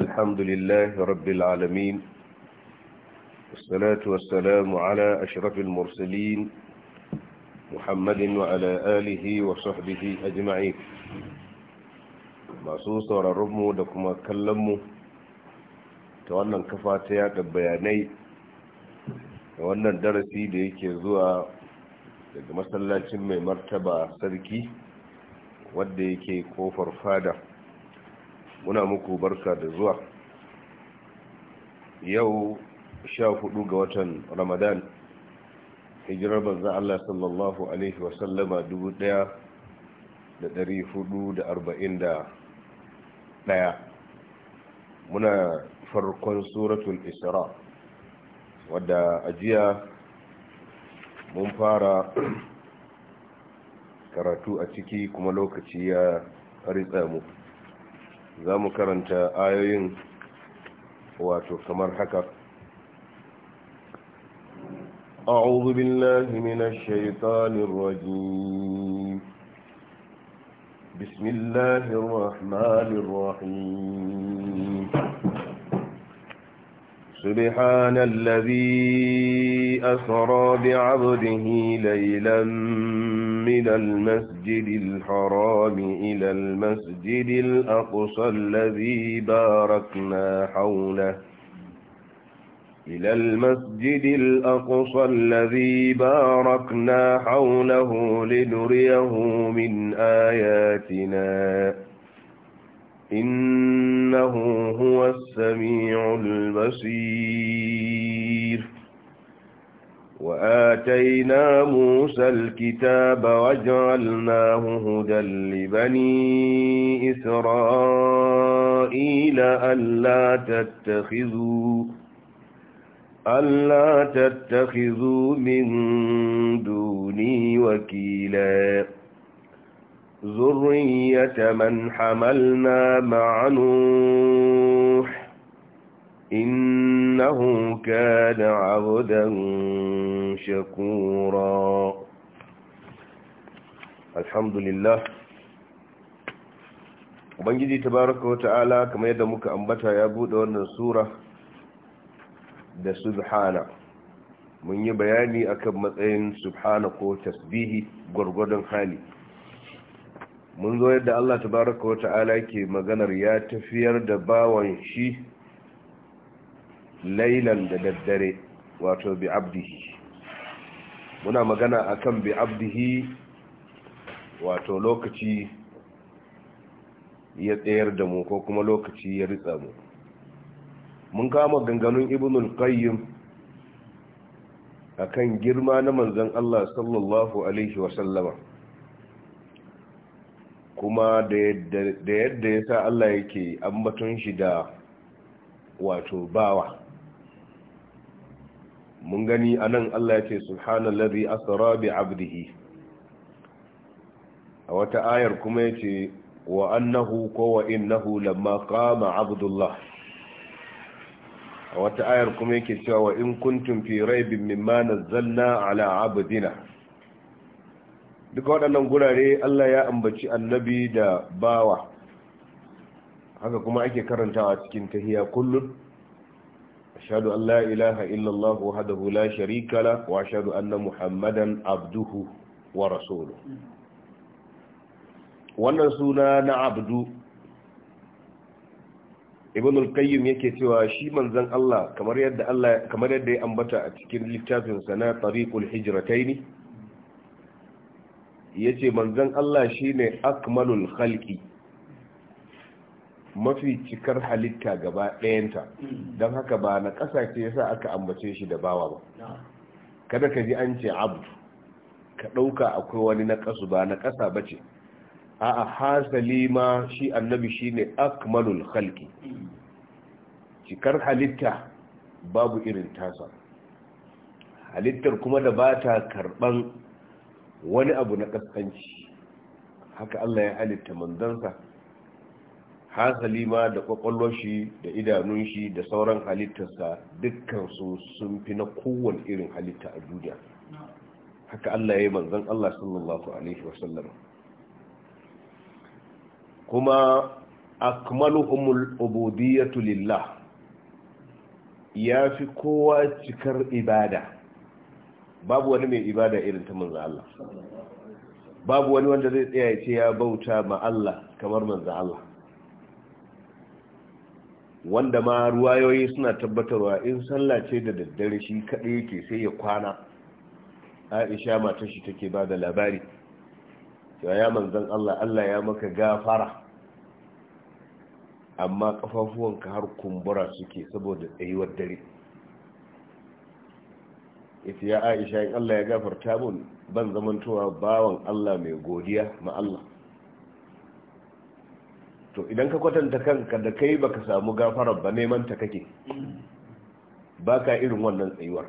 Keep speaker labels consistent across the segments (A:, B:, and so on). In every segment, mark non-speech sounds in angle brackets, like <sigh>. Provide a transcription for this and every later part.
A: الحمد لله رب العالمين والصلاة والسلام على أشرف المرسلين محمد وعلى آله وصحبه أجمعين masu sauraronmu da kuma kallonmu ta wannan kafa ta yada bayanai da wannan darasi da yake zuwa daga masallacin mai martaba sarki wadda yake kofar fada muna muku barka da zuwa yau sha hudu ga watan ramadan hijirar banzan allah sallallahu alaihi wasallama dubu daya da dari hudu da arba'in da daya muna farkon suratul isra wadda ajiya mun fara <clears throat> karatu a ciki kuma lokaci ya ritsa mu za mu karanta ayoyin wato kamar haka أعوذ بالله من الشيطان الرجيم بسم الله الرحمن الرحيم سبحان الذي أسرى بعبده ليلا من المسجد الحرام إلى المسجد الأقصى الذي باركنا حوله إلى المسجد الأقصى الذي باركنا حوله لنريه من آياتنا إنه هو السميع البصير وآتينا موسى الكتاب وجعلناه هدى لبني إسرائيل ألا تتخذوا ألا تتخذوا من دوني وكيلا ذرية من حملنا مع نوح إنه كان عبدا شكورا الحمد لله Ubangiji tabaraka wa ta'ala kamar yadda muka ambata ya buɗe wannan sura da subhana mun yi bayani akan matsayin subhana ko tasbihi gwargwadon hali mun zo yadda Allah tabaraka wa ta'ala ke maganar ya tafiyar da bawan shi lailan da daddare wato bi abdihi muna magana akan bi abdihi wato lokaci ya tsayar da mu ko kuma lokaci ya ritsa mu mun kama ganganun ibnul qayyim akan girma na manzon Allah sallallahu alaihi wasallama kuma da yadda ya sa Allah yake ambaton shi da wato bawa mun gani anan Allah ya ce subhanallazi asra bi abdihi a wata ayar kuma ya ce wa annahu ko wa innahu lamma qama abdullah a wata ayar kuma yake cewa wa in kuntum fi raibin mimma nazzalna ala abdina duka waɗannan gurare Allah ya ambaci annabi da bawa haka kuma ake karantawa cikin tahiya kullum أشهد أن لا إله إلا الله وحده لا شريك له وأشهد أن محمدا عبده ورسوله wannan suna na abdu ibn yake cewa shi manzon Allah kamar yadda Allah kamar yadda ya ambata a cikin littafin sa na tariqul hijratayn yace manzon Allah shine akmalul khalqi mafi cikar halitta gaba ɗayanta hmm. don haka ba na ƙasa ce yasa aka ambace shi da bawa ba kada ka ji an ce abu ka ɗauka akwai wani na ƙasu ba na ƙasa ba ce a hasali ma shi annabi shi ne akmalul halki hmm. cikar halitta babu irin tasa halittar kuma da ba ta karɓan wani abu na ƙasƙanci haka Allah ya halitta manzansa hasali ma da kwakwalwar shi da idanun shi da sauran halittarsa dukkansu sun fi na kowane irin halitta a duniya haka Allah ya yi manzan Allah sallallahu alaihi wasallam kuma akmaluhumul ubudiyatu lillah ya fi kowa cikar ibada babu wani mai ibada irin ta manzan Allah babu wani wanda zai tsaya ce ya bauta ma Allah kamar manzan Allah wanda ma ruwayoyi suna tabbatarwa in sallah ce da daddare shi kaɗai yake sai ya kwana aisha matar shi take ba da labari cewa ya manzan allah allah ya maka gafara amma kafafuwanka har kumbura suke saboda tsayuwar dare ita ya aisha in allah ya gafarta mun ban zamantowa bawan allah mai godiya ma allah to idan ka kwatanta kanka da kai baka samu gafarar ba neman ta kake baka irin wannan tsayuwar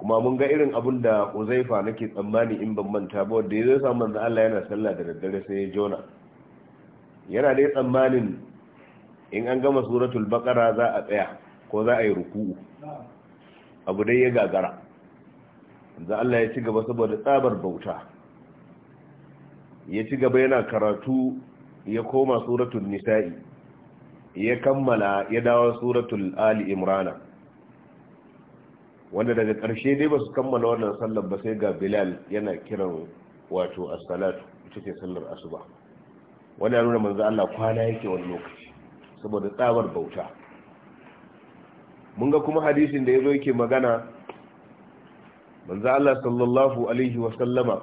A: kuma mun ga irin abin da uzaifa nake tsammani in ban manta ba wanda ya zai samu manzo Allah yana sallah da daddare sai ya jona yana dai tsammanin in an gama suratul baqara za a tsaya ko za a yi ruku'u abu dai ya gagara manzo Allah ya ci gaba saboda tsabar bauta ya ci gaba yana karatu ya koma suratul nisa'i ya kammala ya dawo suratul ali imrana wanda daga ƙarshe dai ba su kammala wannan sallar ba sai ga bilal yana kiran wato as-salatu ita ce sallar asuba wanda ya nuna manzo Allah kwana yake wani lokaci saboda tsabar bauta mun ga kuma hadisin da yazo yake magana manzo Allah sallallahu alaihi wa sallama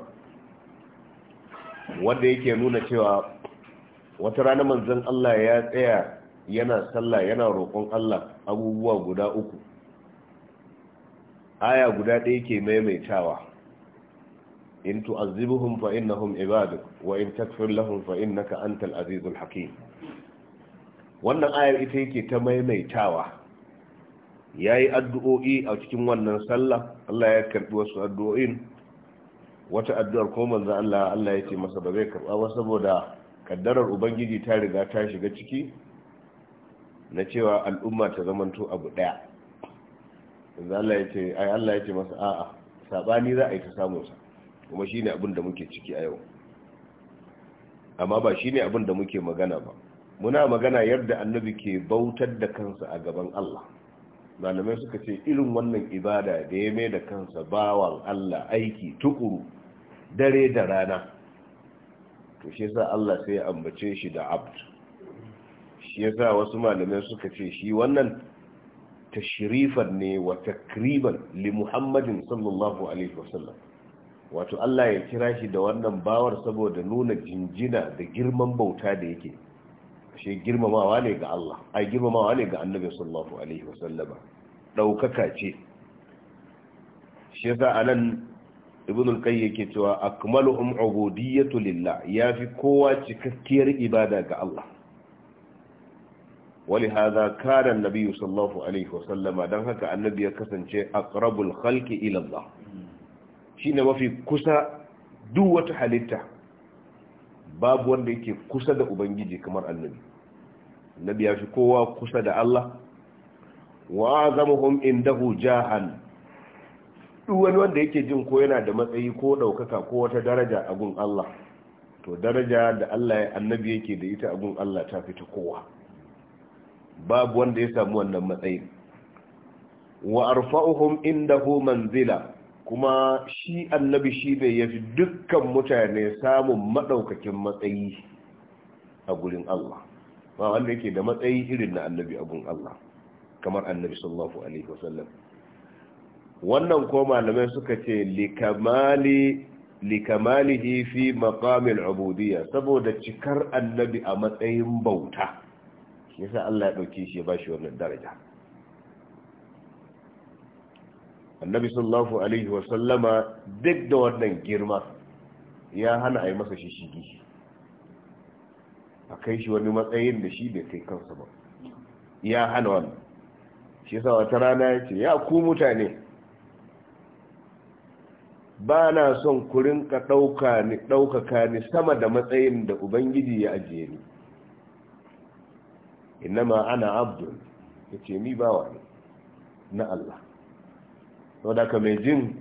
A: wanda yake nuna cewa wata rana manzon Allah ya tsaya yana sallah yana roƙon Allah abubuwa guda uku aya guda ɗaya ke maimaitawa in tu'azzibuhum fa innahum ibaduk wa in takfir lahum fa innaka antal azizul hakim wannan ayar ita yake ta maimaitawa yayi addu'o'i a cikin wannan sallah Allah ya karbi wasu addu'o'in wata addu'ar ko manzo Allah Allah ya ce masa ba zai karba ba saboda kaddarar ubangiji ta riga ta shiga ciki na cewa al'umma ta zamanto abu daya Allah ya ai Allah ya ce masa a'a sabani za a yi ta samun sa kuma shine abin da muke ciki a yau amma ba shine abin da muke magana ba muna magana yadda annabi ke bautar da kansa a gaban Allah malamai suka ce irin wannan ibada da ya mai da kansa bawan Allah aiki tukuru dare da rana to shi yasa Allah sai ya ambace shi da abd shi yasa wasu malamai suka ce shi wannan tashrifan ne wa takriban li Muhammadin sallallahu alaihi wasallam wato Allah ya kira shi da wannan bawar saboda nuna jinjina da girman bauta da yake shi girmamawa ne ga Allah ai girmamawa ne ga Annabi sallallahu alaihi wasallama daukaka ce shi yasa anan ibn al-qayyim yake cewa akmaluhum ubudiyatu lillah yafi kowa cikakkiyar ibada ga Allah wali hadha kana an-nabi sallallahu alaihi wa sallama dan haka annabi ya kasance aqrabul khalqi ila Allah shine mafi kusa duk wata halitta babu wanda yake kusa da ubangiji kamar annabi annabi ya fi kowa kusa da Allah wa azamuhum indahu jahan duk wani wanda yake jin ko yana da matsayi ko ɗaukaka ko wata daraja a gun Allah to daraja da Allah ya annabi yake da ita a gun Allah ta fita kowa babu wanda ya samu wannan matsayin wa arfa'uhum indahu manzila kuma shi annabi shi ne yafi dukkan mutane samun madaukakin matsayi a gurin Allah ba wanda yake da matsayi irin na annabi a gun Allah kamar annabi sallallahu alaihi wasallam wannan ko malamai suka ce likamalihi fi maqamil ubudiyya saboda cikar annabi a matsayin bauta yasa Allah ya dauke shi ya bashi wannan daraja annabi sallallahu alaihi wa sallama duk da wannan girma ya hana a yi masa shishigi a kai shi wani matsayin da shi bai kai kansa ba ya hana wannan shi yasa wata rana ya ce ya ku mutane ba na son kurin rinka ɗaukaka ni sama da matsayin da ubangiji ya ajiye ni ma ana abdul ya ce ni bawa ne na Allah sau da ka mai jin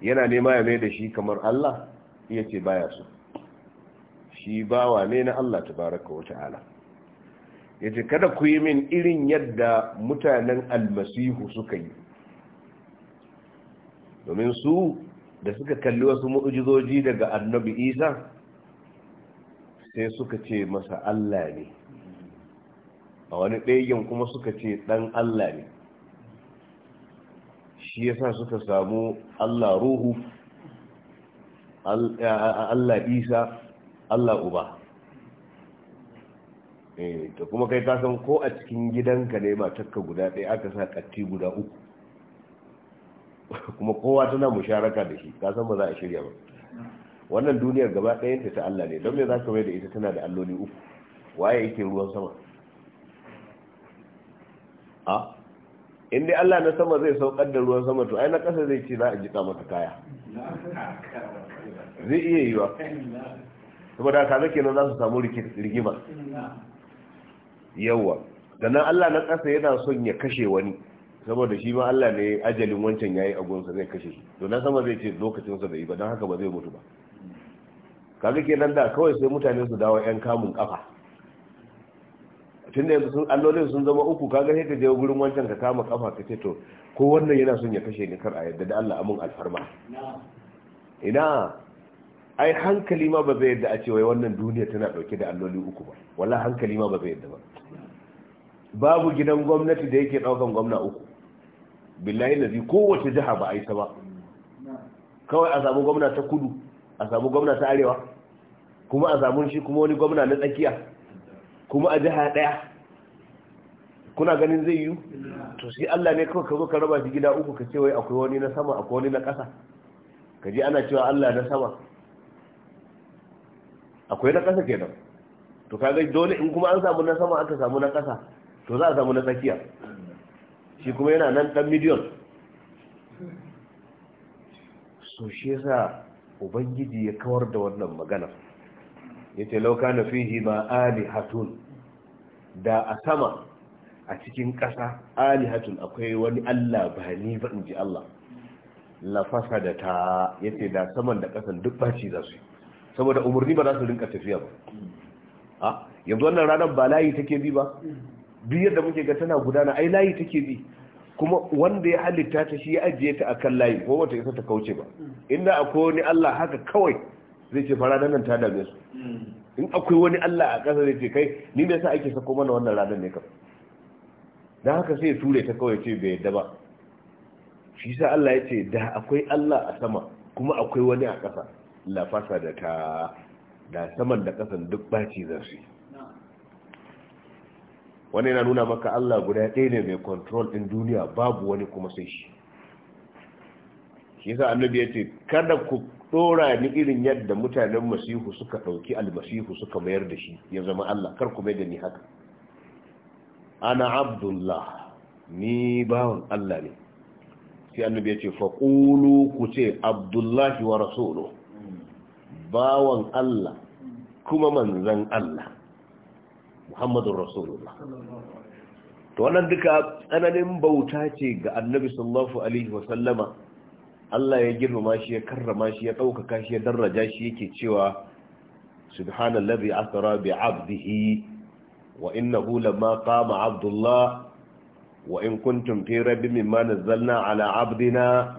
A: yana nema ya mai da shi kamar Allah ya ce baya su shi bawa ne na Allah ta baraka wata'ala ya ce kada ku yi min irin yadda mutanen almasihu suka yi domin su da suka kalli wasu mu'ujizoji daga annabi isa sai suka ce masa allah ne a wani ɗayan kuma suka ce ɗan allah ne shi yasa suka samu allah ruhu allah isa allah uba eh, ta kuma kai kasan ko a cikin gidanka ne takka guda ɗaya aka sa ƙatti guda uku kuma kowa tana musharaka da shi ka san ba za a shirya ba wannan duniyar gaba ɗayan ta Allah ne don me za ka mai da ita tana da alloli uku waye yake ruwan sama a inda Allah na sama zai saukar da ruwan sama to ai na ƙasa zai ce za a jika mata kaya
B: zai iya yi wa
A: saboda ka zake nan za su samu rigima yawa sannan Allah na ƙasa yana son ya kashe wani saboda shi ma Allah ne ajalin wancan yayi gonsa zai kashe shi to na sama zai ce lokacin sa bai ba don haka ba zai mutu ba kaga kenan da kawai sai mutane su dawo yan kamun kafa tunda yanzu sun allolin sun zama uku kaga sai ka je gurin wancan ka kama kafa ka ce to ko wannan yana son ya kashe ni kar a yadda da Allah amun alfarma ina ai hankali ma ba zai yadda a ce wai wannan duniya tana dauke da alloli uku ba wala hankali ma ba zai yadda ba babu gidan gwamnati da yake daukan gwamna uku billahi lazi kowace jiha ba a yi ta ba kawai a samu gwamna ta kudu a samu gwamna ta arewa kuma a samun shi kuma wani gwamna na tsakiya kuma a jiha daya kuna ganin zai yi to sai Allah ne kawai ka zo ka raba shi gida uku ka ce wai akwai wani na sama akwai wani na ƙasa ka ji ana cewa Allah na sama akwai na ƙasa kenan to kaga dole in kuma an samu na sama aka samu na ƙasa to za a samu na tsakiya shi kuma yana nan ɗan miliyon so shi yasa ubangiji ya kawar da wannan magana yace lauka na fihi ma alihatun da a sama a cikin ƙasa alihatun akwai wani Allah ba ni ba in ji Allah la da ta yace da saman da ƙasan duk baci za su yi saboda umarni ba za su rinka tafiya ba ah, yanzu wannan ranar ba layi take bi ba biyar da muke ga tana gudana ai layi take bi kuma wanda ya halitta ta shi ya ajiye ta akan layi ko wata isa ta kauce ba inda akwai wani Allah haka kawai zai ce fara nan ta dame su hmm. in akwai wani Allah a ƙasa zai ce kai ni me yasa ake sako mana wannan ranar ne kam dan haka sai ya ture ta kawai ce bai yadda ba shi sa Allah ya ce da akwai Allah a sama kuma akwai wani a ƙasa lafasa da ta da saman da ƙasan duk baci zan wani yana nuna maka Allah guda ɗaya ne mai control ɗin duniya babu wani kuma sai shi shi yasa annabi ya ce kada ku ɗora ni irin yadda mutanen masihu suka ɗauki almasihu suka mayar da shi ya zama Allah kar ku mai da ni haka ana abdullah ni bawan Allah ne sai annabi ya ce faƙulu ku ce abdullahi wa rasulu hmm. bawan Allah kuma manzan Allah muhammadun rasulullah to wannan duka tsananin bauta ce ga annabi sallallahu alaihi wasallama Allah ya girmama shi ya karrama shi ya ɗaukaka shi ya daraja shi yake cewa subhanallazi asra bi 'abdihi wa hula ma kama 'abdullah wa in kuntum fi rabbin mimma nazzalna 'ala 'abdina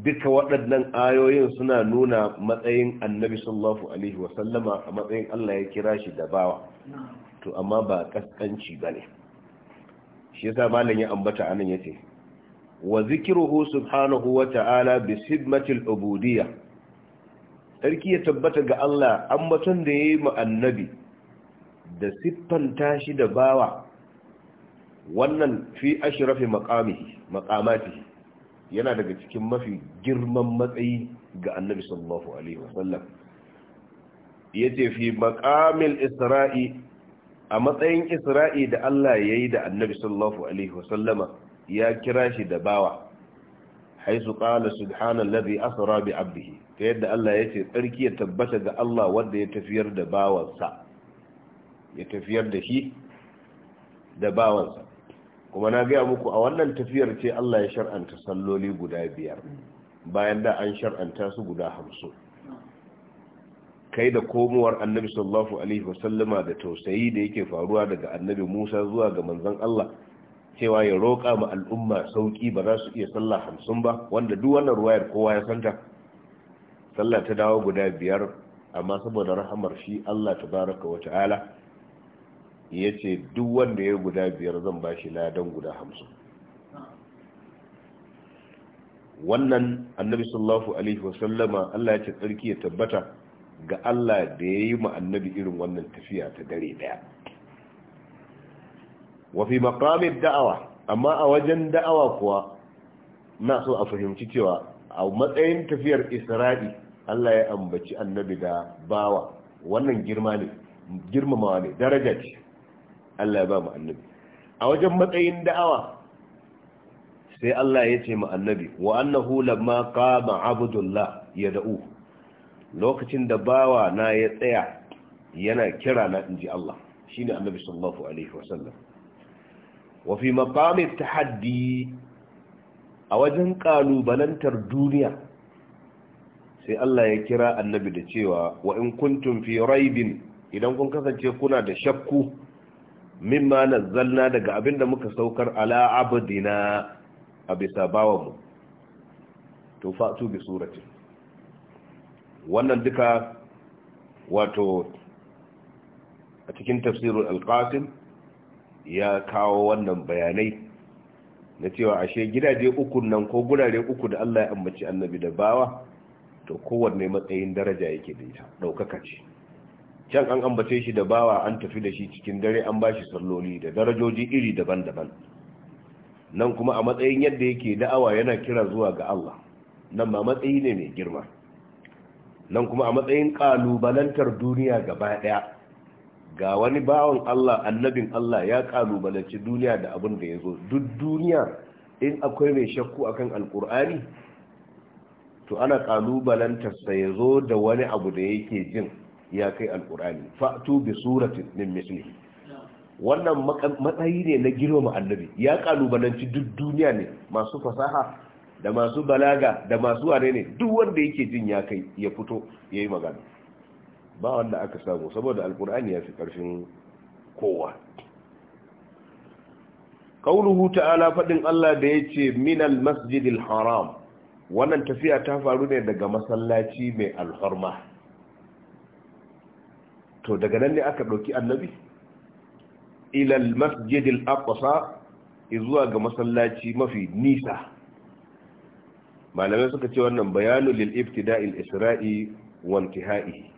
A: duka waɗannan ayoyin suna nuna matsayin annabi sallallahu alaihi wasallama a matsayin Allah ya kira shi da bawa to amma ba kaskanci ba ne shi yasa malam ya ambata anan yace wa zikruhu subhanahu wa ta'ala bi sibmatil ubudiyya sarki ya tabbata ga Allah ambaton da yayi mu annabi da siffanta tashi da bawa wannan fi ashrafi maqamihi maqamatihi yana daga cikin mafi girman matsayi ga annabi sallallahu alaihi wasallam yace fi maqamil isra'i a matsayin isra'i da Allah yayi da annabi sallallahu alaihi wasallama ya kira shi da bawa haisu qala subhanallazi asra bi 'abdihi ta yadda Allah yace tsarki ya tabbata ga Allah wanda ya tafiyar da bawansa ya tafiyar da shi da bawansa kuma na gaya muku a wannan tafiyar ce Allah ya shar'anta salloli guda biyar bayan da an shar'anta su guda hamsin kai da komowar annabi sallallahu alaihi wasallama da tausayi da yake faruwa daga annabi musa zuwa ga manzon Allah cewa ya roƙa ma al'umma sauƙi ba za su iya sallah hamsin ba wanda duk wannan ruwayar kowa ya santa sallah ta dawo guda biyar amma saboda rahamar shi Allah tabaraka wa ta'ala ya ce duk wanda ya guda biyar zan ba shi ladan guda hamsin wannan annabi sallallahu alaihi wasallama Allah ya ce tsarki ya tabbata ga Allah da ya yi annabi irin wannan tafiya ta dare daya wafi makamin da'awa amma a wajen da'awa kuwa na so a fahimci cewa a matsayin tafiyar isra'i Allah ya ambaci annabi da bawa wannan girma ne girmamawa ne daraja ce Allah ya ba mu annabi a wajen matsayin da'awa sai Allah ya ce mu annabi wa annahu lamma qama abdullah ya da'u lokacin da bawa na ya tsaya yana kira na inji Allah shine annabi sallallahu alaihi wasallam wa fi maqami tahaddi a wajen kalubalantar duniya sai Allah ya kira annabi da cewa wa in kuntum fi raibin idan kun kasance kuna da shakku mimma nazzalna daga abinda muka saukar ala abdina a bisa to fatu bi surati wannan duka wato a cikin tafsirul alqasim ya kawo wannan bayanai na cewa ashe gidaje uku nan ko gurare uku da Allah ya ambaci annabi da bawa to kowanne matsayin daraja yake da ita daukaka ce can an ambace shi da bawa an tafi da shi cikin dare an ba shi salloli da darajoji iri daban-daban nan kuma a matsayin yadda yake da'awa yana kira zuwa ga Allah nan ma matsayi ne mai girma nan kuma a matsayin kalubalantar duniya gaba daya ga wani bawan Allah annabin Allah ya kalubalanci duniya da abin da ya zo duk duniya in akwai mai shakku akan alkur'ani to ana kalubalantarsa ya zo da wani abu da yake jin ya kai alkur'ani fa'tu bi suratin min mislihi wannan matsayi ne na girmama annabi ya kalubalanci duk duniya ne masu fasaha da masu balaga da masu ware ne duk wanda yake jin ya kai ya fito ya magana ba wanda aka samu saboda alkur'ani ya fi ƙarfin kowa kauluhu ta'ala faɗin Allah da ya ce minal masjidil haram wannan tafiya ta faru ne daga masallaci mai alhurma to daga nan ne aka ɗauki annabi ilal masjidil aqsa zuwa ga masallaci mafi nisa malamai suka ce wannan bayanu lil ibtida'il isra'i wa intihai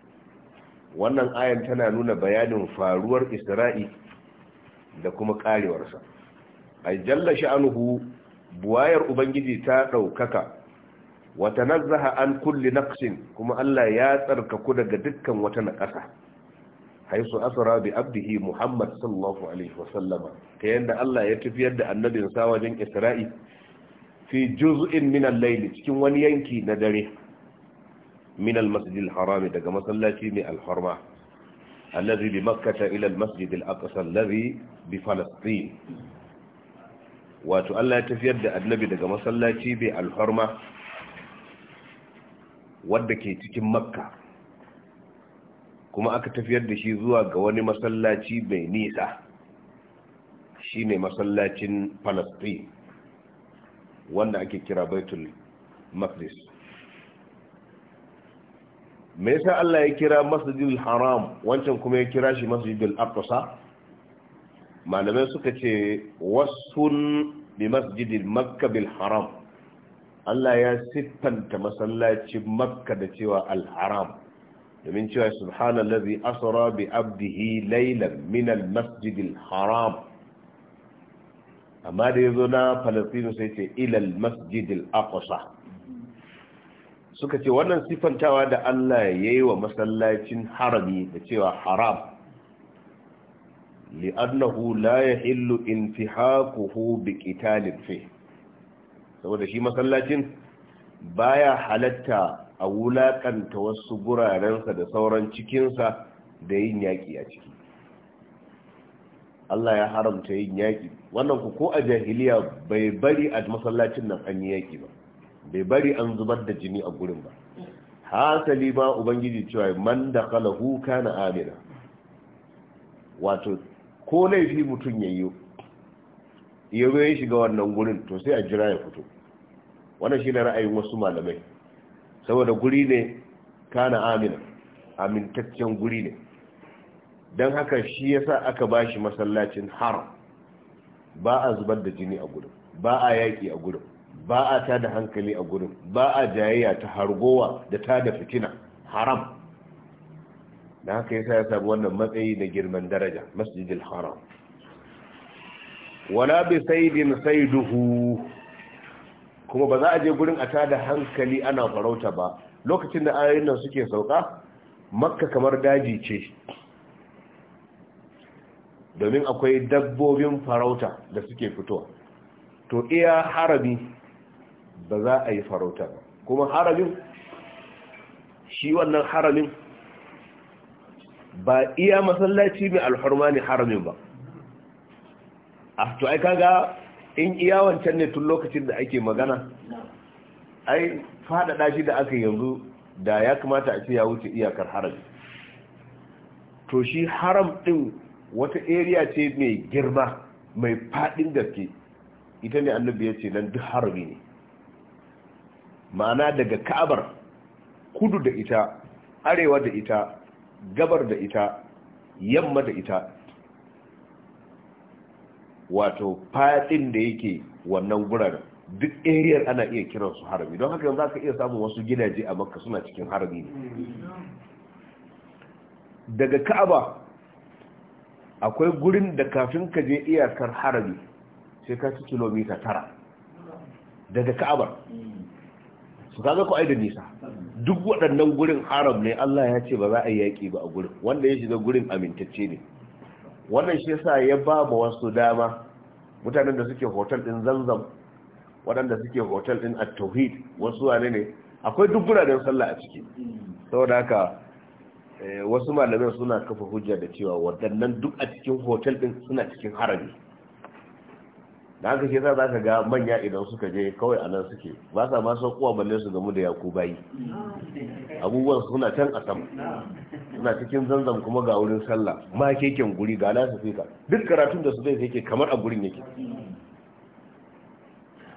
A: wannan ayan tana nuna bayanin faruwar isra'i da kuma karewarsa A jalla sha'anuhu buwayar ubangiji ta daukaka wa tanazzaha an kulli naqsin kuma Allah ya tsarkaku daga dukkan wata naƙasa haisu asra bi abdihi muhammad sallallahu alaihi wasallama ta yadda Allah ya tafiyar da annabin sa wajen isra'i fi juz'in min al-layl cikin wani yanki na dare min al-masjid al-haram daga masallaci mai al-harma alladhi bi makkah ila al-masjid al-aqsa alladhi bi falastin wato Allah ya tafiyar da annabi daga masallaci mai al-harma wanda ke cikin makka kuma aka tafiyar da shi zuwa ga wani masallaci mai nisa shine masallacin palestine wanda ake kira baitul maqdis me yasa Allah ya kira masjidul haram wancan kuma ya kira shi masjidul aqsa malamai suka ce wasun bi masjidil makka bil haram Allah ya siffanta masallacin makka da cewa al haram domin cewa subhanallazi asra bi abdihi laylan min al-masjidil haram amma da yazo na Palestine sai ce ila al-masjidil suka ce wannan sifantawa da Allah yayi wa masallacin harami da cewa haram li'annahu la yahillu intihaquhu biqitalin fi saboda shi masallacin baya halatta a wulaƙanta wasu gurarensa da sauran cikinsa da yin yaƙi a ciki Allah ya haramta yin yaƙi wannan ku ko a jahiliya bai bari a masallacin nan an yi yaƙi ba bai bari an zubar da jini a gurin ba hasali ba ubangiji cewa man da huka na amina wato ko laifi mutum ya yi ya shiga wannan gurin to sai a jira ya fito wannan shi ra'ayin wasu malamai saboda guri ne kana amina amintaccen guri ne don haka shi yasa aka ba shi masallacin haram ba a zubar da jini a gudun, ba a yaƙi a gudun, ba a da hankali a gudun, ba a jayayya ta hargowa da ta da fitina haram da haka yasa ya samu wannan matsayi na girman daraja masjidil haram wala bi sai duhu. kuma ba za a je gurin a tada hankali ana farauta ba lokacin da ayoyin nan suke sauka makka kamar daji ce domin akwai dabbobin farauta da suke fito, to iya harami ba za a yi farauta ba kuma haramin shi wannan haramin ba iya masallaci mai alhurma ne haramin ba a ah, to ai kaga in iya ne tun lokacin da ake magana ai faɗaɗa shi da aka yanzu da ya kamata a ce ya wuce iyakar haram to shi haram ɗin wata area ce mai girma mai faɗin gaske ita ne annabi ya ce nan duk harami ne ma'ana daga ka'abar kudu da ita arewa da ita gabar da ita yamma da ita wato fadin da yake wannan gurar duk ariyar ana iya kiran su harami don haka za ka iya samun wasu gidaje a makka suna cikin harami ne daga ka'aba akwai gurin da kafin ka je iyakar harami sai ka ci kilomita tara daga ka'abar su kaga ku ai da nisa duk waɗannan gurin haram ne Allah ya ce ba za a yi yaƙi ba a gurin wanda ya shiga gurin amintacce ne wannan shi yasa ya ba mu wasu dama mutanen da suke hotel din zanzam waɗanda suke hotel din at wasu wane ne akwai duk guraren sallah a ciki saboda haka eh, wasu malamai suna kafa hujja da cewa waɗannan duk a cikin hotel din suna cikin harami da haka shi za ka ga manya idan suka je kawai a nan suke ba sa ma saukowa balle su gamu da ya ku bayi abubuwan suna can a sama suna cikin zanzan kuma ga wurin sallah ma keken guri ga nasu ka duk karatun da su zai yake kamar a gurin yake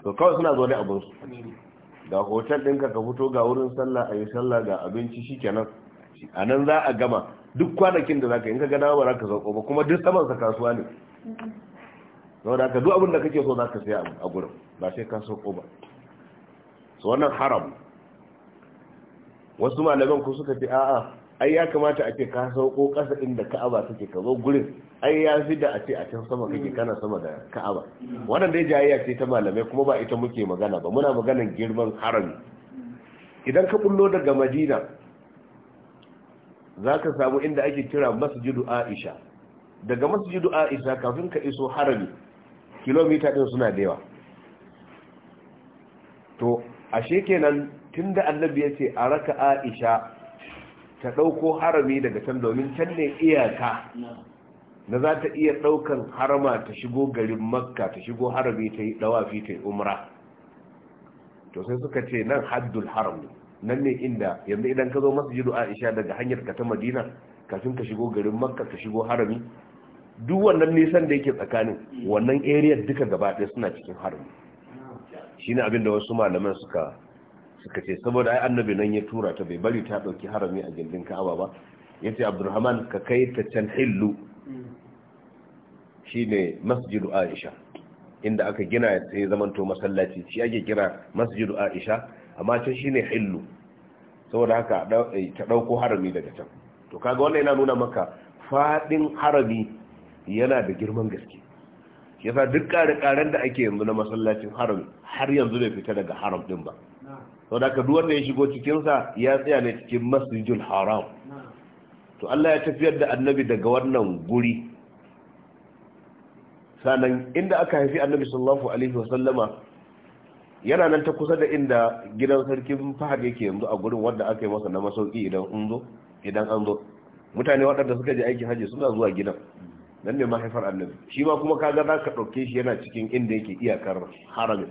A: to kawai suna zo da abin su ga hotel ɗinka ka fito ga wurin sallah a yi sallah ga abinci kenan a nan za a gama duk kwanakin da za ka yi in ka gana dama ba za ka sauko ba kuma duk samansa kasuwa ne saboda ka duk abin da kake so zaka saya a gurin ba sai ka sauko ba so wannan haram wasu malaman ku suka ce a'a ai ya kamata a ce ka sauko ƙasa inda ka'aba take ka zo gurin ai ya fi da a ce a can sama kake kana sama da ka'aba wannan dai jayayya ce ta malamai kuma ba ita muke magana ba muna maganan girman harami idan ka bullo daga madina za ka samu inda ake kira masjidu aisha daga masjidu aisha kafin ka iso harami kilomita ɗin suna da yawa to ashe kenan tunda annabi ya ce a raka aisha ta ɗauko harami daga can domin can ne iyaka na za ta iya ɗaukan harama ta shigo garin makka ta shigo harami ta yi ɗawafi ta yi umra to sai suka ce nan haddul haram nan ne inda yanzu idan ka zo masu jiru aisha daga hanyar ka ta madina kafin ka shigo garin makka ka shigo harami duk wannan nisan da yake tsakanin wannan area duka gaba ɗaya suna cikin harami Shi ne abinda wasu malaman suka suka ce saboda ai annabi nan ya tura ta bai bari ta ɗauki harami a gindin Ka'aba ba ce Abdurrahman ka kai ta can hillu ne masjidu Aisha inda aka gina sai zamanto masallaci shi ake kira masjidu Aisha amma can ne hillu saboda haka ta ɗauko harami daga can to kaga wannan yana nuna maka faɗin harami yana da girman gaske ya yasa duk kare-karen da ake yanzu na masallacin haram har yanzu bai fita daga haram din ba sau da duwar da ya shigo cikinsa ya tsaya ne cikin masjidul haram to Allah ya tafiyar da annabi daga wannan guri sanan inda aka haifi annabi sallallahu alaihi wasallama yana nan ta kusa da inda gidan sarkin fahad yake yanzu a gurin wanda aka yi masa na masauki idan an zo mutane waɗanda suka je aikin hajji suna zuwa gidan nan ne mahaifar annabi shi ma kuma ka za ka ɗauke shi yana cikin inda yake iyakar haramin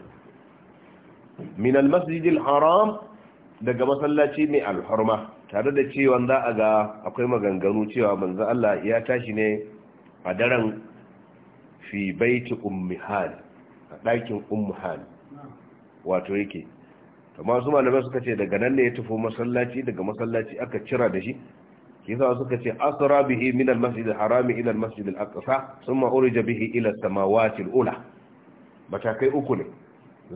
A: min almasjidil haram daga masallaci mai alharma tare da cewa za a ga akwai maganganu cewa manzo Allah ya tashi ne a daren fi baiti ummi hal a ɗakin ummi hal wato yake amma su malamai suka ce daga nan ne ya tafi masallaci daga masallaci aka cira da shi yasa suka ce asra bihi min al-masjid al-haram ila al-masjid al-aqsa thumma urija bihi ila as-samawati al-ula matakai uku ne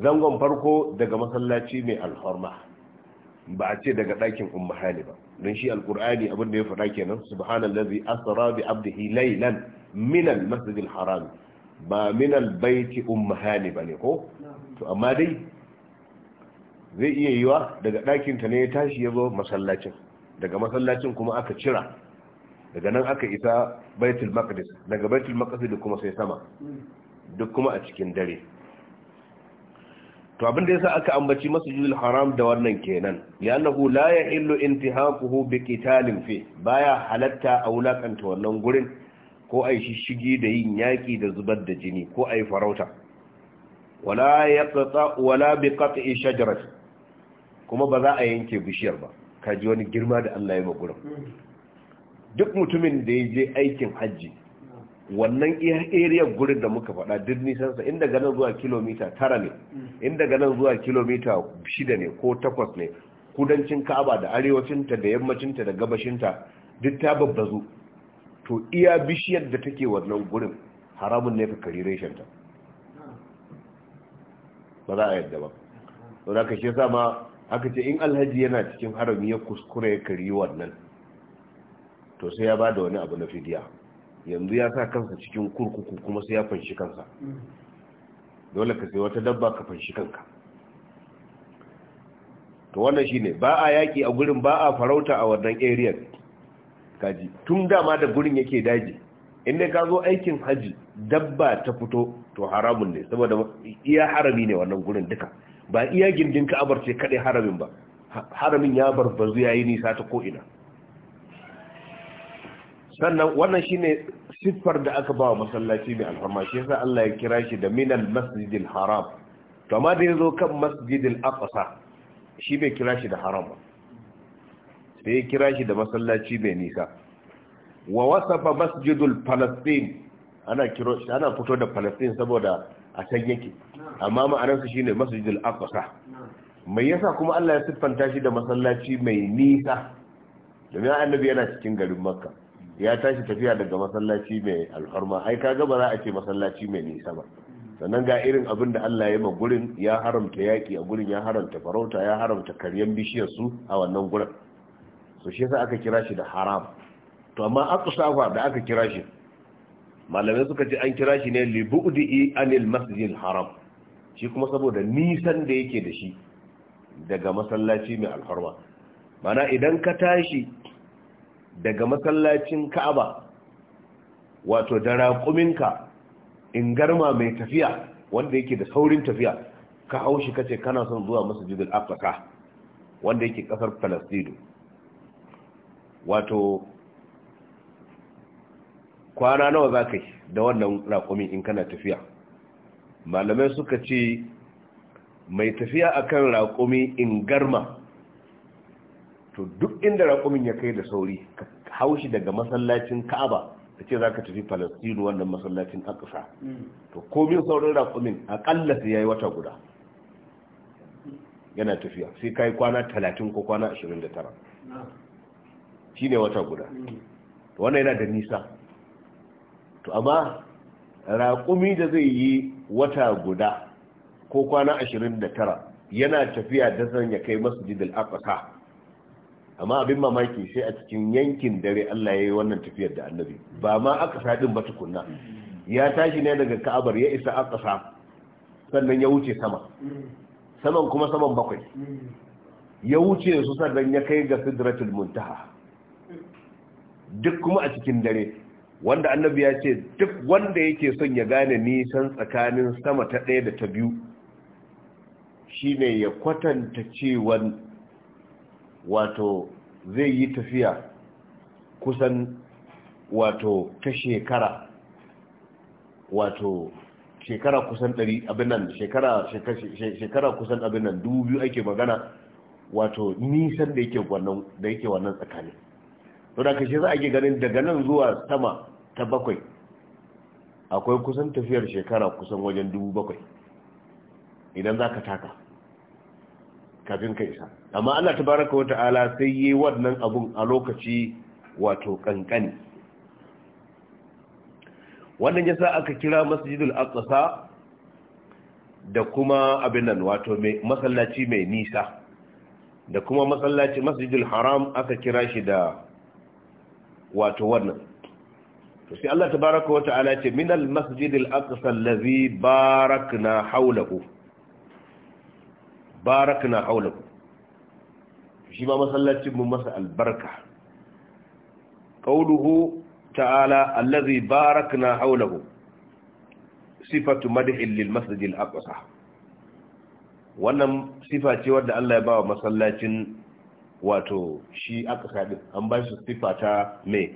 A: zangon farko daga masallaci mai alhorma ba a ce daga ɗakin ummahani ba don shi alkur'ani abin da ya faɗa kenan subhanallazi asra bi abdihi laylan min al-masjid al harami. ba min al-baiti ummahani bane ko to amma dai zai iya yiwa daga ɗakin ta ne ya tashi ya zo masallacin daga masallacin kuma aka cira daga nan aka isa baitul maqdis daga baitul maqdis kuma sai sama duk kuma a cikin dare to abin da yasa aka ambaci masjidul haram da wannan kenan Ya annahu la yahillu intihaquhu bi qitalin fi baya halatta a wulakanta wannan gurin ko ai shishigi da yin yaki da zubar da jini ko ai farauta wala yaqta wala bi qat'i shajarat kuma ba za a yanke bishiyar ba ka ji wani girma da Allah ya magurin duk mutumin da ya je aikin hajji wannan area gurin da muka faɗa duk nisansa inda ganin zuwa kilomita tara ne inda ganin zuwa kilomita shida ne ko takwas ne kudancin ka'aba da arewacinta da yammacinta da gabashinta duk ta babbazu to iya bishiyar da take wannan gurin haramun ne ka kari reshenta ba za a yadda ba to ka shi sama aka ce in alhaji yana cikin harami ya kuskure ya kari wannan to sai ya ba da wani abu na fidiya yanzu ya sa kansa cikin kurkuku kuma sai ya fanshi kansa dole ka sai wata dabba ka fanshi kanka to wannan shine ba a yaki a gurin ba a farauta a wannan area kaji tun dama da gurin yake daji inda ka zo aikin haji dabba ta fito to haramun ne saboda iya harami ne wannan gurin duka ba iya gindin ka'abar ce kaɗai haramin ba haramin ya barbazu ya yi nisa ta ko'ina sannan wannan shi ne siffar da aka ba wa masallaci mai alfarma shi yasa Allah ya kira shi da minal masjidil haram to amma da zo kan masjidil aqsa shi bai kira shi da haram ba sai ya kira shi da masallaci mai nisa wa wasafa masjidul palestine ana kiro ana fito da palestine saboda a can yake amma ma'anarsa shine masjidul aqsa mai yasa kuma Allah ya siffanta shi da masallaci mai nisa domin annabi yana cikin garin makka ya tashi tafiya daga masallaci mai alfarma ai ka ba za a ce masallaci mai nisa ba sannan ga irin abin da Allah ya ma gurin ya haramta yaki a gurin ya haramta farauta ya haramta karyan bishiyar su a wannan gurin so shi yasa aka kira shi da haram to amma aqsa da aka kira shi malamai suka ce an kira shi ne libu'di'i anil masjidil haram shi kuma saboda nisan da yake da shi daga masallaci mai alfarma mana idan ka tashi daga masallacin ka'aba wato da raƙuminka in garma mai tafiya wanda yake da saurin tafiya ka hau haushi kace kana son zuwa masjidil aqsa wanda yake kasar palestine wato kwana nawa za ka yi da wannan raƙumi in kana tafiya malamai suka ce mai tafiya akan rakumi in garma to duk inda raƙumin ya kai da sauri ka haushi daga masallacin ka'aba da ce za ka tafi palestinu wannan masallacin akasa to komin saurin raƙumin akalla sai ya yi wata guda yana tafiya sai ka yi kwana talatin ko kwana ashirin da tara shi ne wata guda mm. wannan yana da nisa to amma raƙumi da zai yi wata guda ko kwana ashirin da tara yana tafiya da zan ya kai masjidil aqsa amma abin mamaki sai a cikin yankin dare Allah ya yi wannan tafiyar da annabi ba ma aqsa din ba tukunna ya tashi ne daga ka'abar ya isa aqsa sannan ya wuce sama saman kuma saman bakwai ya wuce su sannan ya kai ga sidratul muntaha duk kuma a cikin dare wanda annabi ya ce duk wanda yake son ya gane nisan tsakanin sama ta ɗaya da ta biyu shi ne ya kwatanta cewan wato zai yi tafiya kusan wato ta shekara wato shekara kusan ɗari abinan shekara shekara kusan abinan dubu biyu ake magana wato nisan da yake wannan tsakanin to da kashe za a ke ganin daga nan zuwa sama ta bakwai akwai kusan tafiyar shekara kusan wajen dubu bakwai idan za ka taka kafin ka isa amma allah ta baraka wa ta'ala sai yi wannan abun a lokaci wato kankani wannan ya sa aka kira masjidul aqsa da kuma abin nan wato masallaci mai nisa da kuma masallaci masjidul haram aka kira shi da wato wannan to sai Allah wa ta'ala ce minal masjidil aqsa allazi barakna hawlahu barakna hawlahu shi ma masallacin masa albarka qawluhu ta'ala allazi barakna hawlahu sifatu lil aqsa wannan sifa ce wadda Allah ya ba wa masallacin wato shi aka kaɗi an ba shi sifa ta mai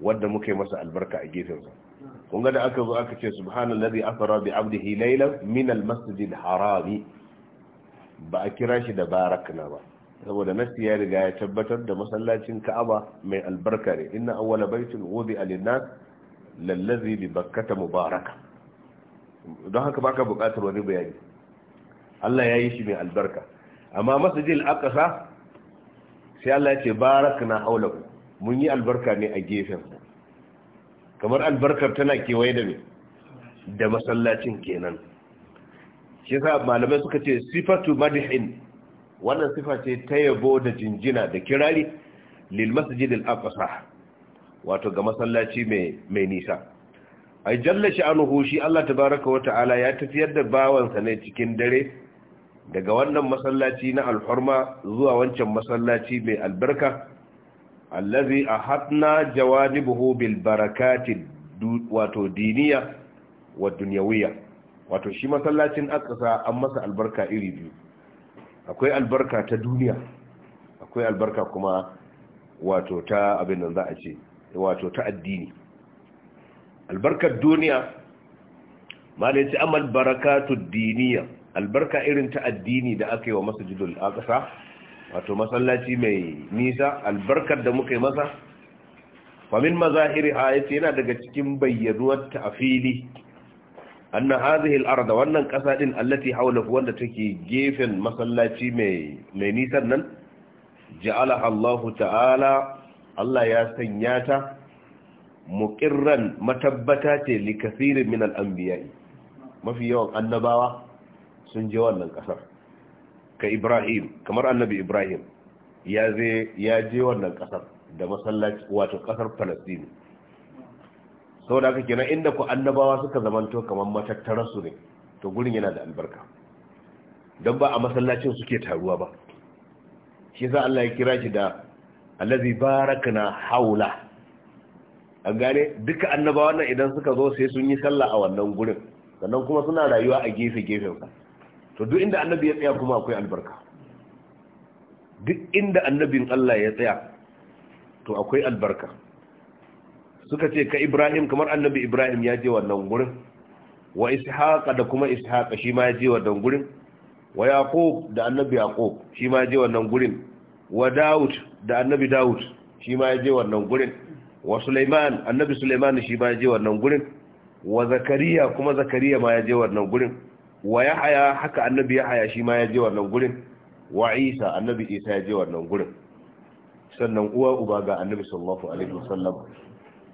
A: wadda muka masa albarka a gefensa kun ga da aka zo aka ce subhanallazi asra bi abdihi laylan min almasjidil harami ba a kira shi da barakna ba saboda nasi ya riga ya tabbatar da masallacin ka'aba mai albarka ne inna awwala baitin wudi alinnas lallazi bi bakkata mubaraka don haka baka bukatar wani bayani Allah ya yi shi mai albarka amma masjidil aqsa sai Allah ya ce na haulahu mun yi albarka ne a gefen kamar albarkar tana kewaye da me da masallacin kenan shi yasa malamai suka ce sifatu madihin wannan sifa ce ta yabo da jinjina da kirari lil masjid al aqsa wato ga masallaci mai mai nisa ai jalla sha'anuhu shi Allah tabaaraka wa ta'ala ya tafiyar da bawansa ne cikin dare daga wannan masallaci na alhurma zuwa wancan masallaci mai albarka allazi ahatna jawanibuhu bil barakati wato diniya wa dunyawiya wato shi masallacin akasa an masa albarka iri biyu akwai albarka ta duniya akwai albarka kuma wato ta abin da za a ce wato ta addini albarkar duniya ma da ya ce amal barakatu diniya albarka irin ta addini da aka yi wa masjidul aqsa wato masallaci mai nisa albarkar da muka yi masa famin mazahiri ha yana daga cikin bayyanuwar ta a fili anna hadhihi al-ardh wannan kasa din allati hawlahu wanda take gefen masallaci mai mai nisan nan Ja'ala Allah ta'ala Allah ya sanya ta muqirran matabbata ce li kaseerin min al-anbiya mafi yawan annabawa sun je wannan kasar ka ibrahim kamar annabi ibrahim ya je wannan kasar da masallaci wato kasar palestine sau da kenan inda ku annabawa suka zamanto kamar su ne to gurin yana da albarka don ba a masallacin suke taruwa ba shi za Allah ya kira shi da allazi barakna haula an gane duka annabawan nan idan suka zo sai sun yi sallah a wannan gurin sannan kuma suna rayuwa a gefe gefen gefensa to duk inda annabi ya tsaya kuma akwai albarka duk inda annabin Allah ya tsaya to akwai albarka suka ce ka Ibrahim kamar annabi Ibrahim ya je wannan gurin wa ishaqa da kuma ishaqa shi ma ya je wannan gurin wa yaqub da annabi yaqub shi ma ya je wannan gurin wa daud da annabi daud shi ma ya je wannan gurin wa Sulaiman annabi Sulaiman shi ma ya je wannan gurin wa Zakariya kuma Zakariya ma ya je wannan gurin wa yahya haka annabi yahya shi ma ya je wannan gurin wa isa annabi isa ya je wannan gurin sannan uwa uba ga annabi sallallahu alaihi wasallam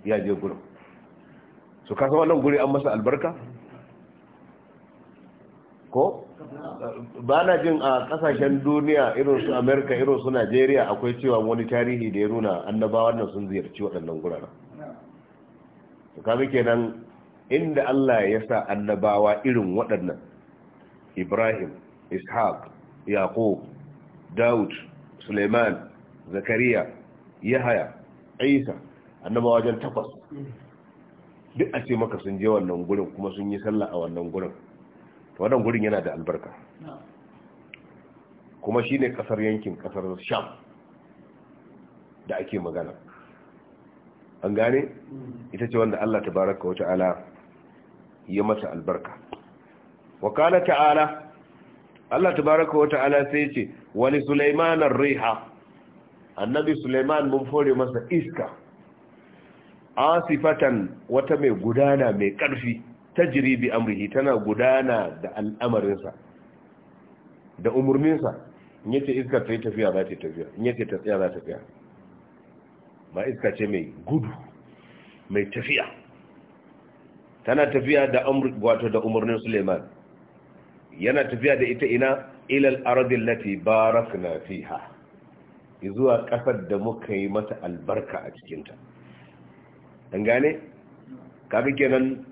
A: ya je gurin su kasa wannan guri an masa albarka ko ba na jin a kasashen duniya irin su amerika irin su nigeria akwai cewa wani tarihi da ya nuna annabawan wannan sun ziyarci waɗannan guraren kami kenan inda allah ya sa annabawa irin waɗannan ibrahim ishaq yaqub Dawud, suleiman zakariya yahaya isa annaba wajen takwas duk a ce maka sun je wannan gurin kuma sun yi sallah a wannan gurin wannan gurin yana da albarka kuma shine kasar yankin kasar sham da ake magana an gane ita ce wanda Allah tabaraka wa ta'ala ya masa albarka wa kala ta'ala Allah tabaraka wa ta'ala sai ce wani Sulaiman ar-riha annabi Sulaiman mun fore masa iska asifatan wata mai gudana mai karfi tajri bi amrihi tana gudana da al'amarinsa da sa in yace iska ta yi tafiya za ta tafiya in yace ta tsaya za ta tsaya ba iska ce mai gudu mai tafiya tana tafiya da wato da umurnin Sulaiman yana tafiya da ita ina ilal ardi allati barakna fiha zuwa kasar da muka yi mata albarka a cikin ta an gane kaga kenan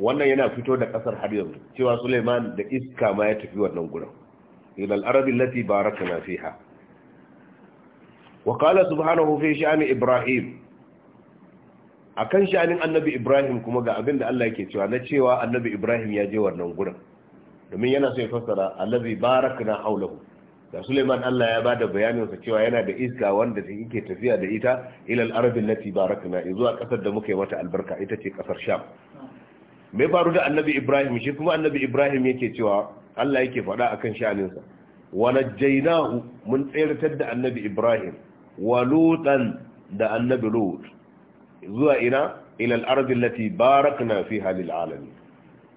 A: wannan yana fito da kasar har yanzu cewa Suleiman da iska ma ya tafi wannan gurin ilal ardi allati barakna fiha wa qala subhanahu fi sha'ni ibrahim akan shanin annabi ibrahim kuma ga abin da Allah yake cewa na cewa annabi ibrahim ya je wannan gurin domin yana so ya fassara allazi barakna haulahu da Suleiman Allah ya bada bayaninsa cewa yana da iska wanda ta yake tafiya da ita ilal arabin lati barakna zuwa kasar da muka mata albarka ita ce kasar Sham me faru da Annabi Ibrahim shi kuma Annabi Ibrahim yake cewa Allah yake faɗa akan sha'aninsa wa najjaynahu mun tsayartar da Annabi Ibrahim wa Lutan da Annabi Lut zuwa ina ilal arabin lati barakna fiha lil alamin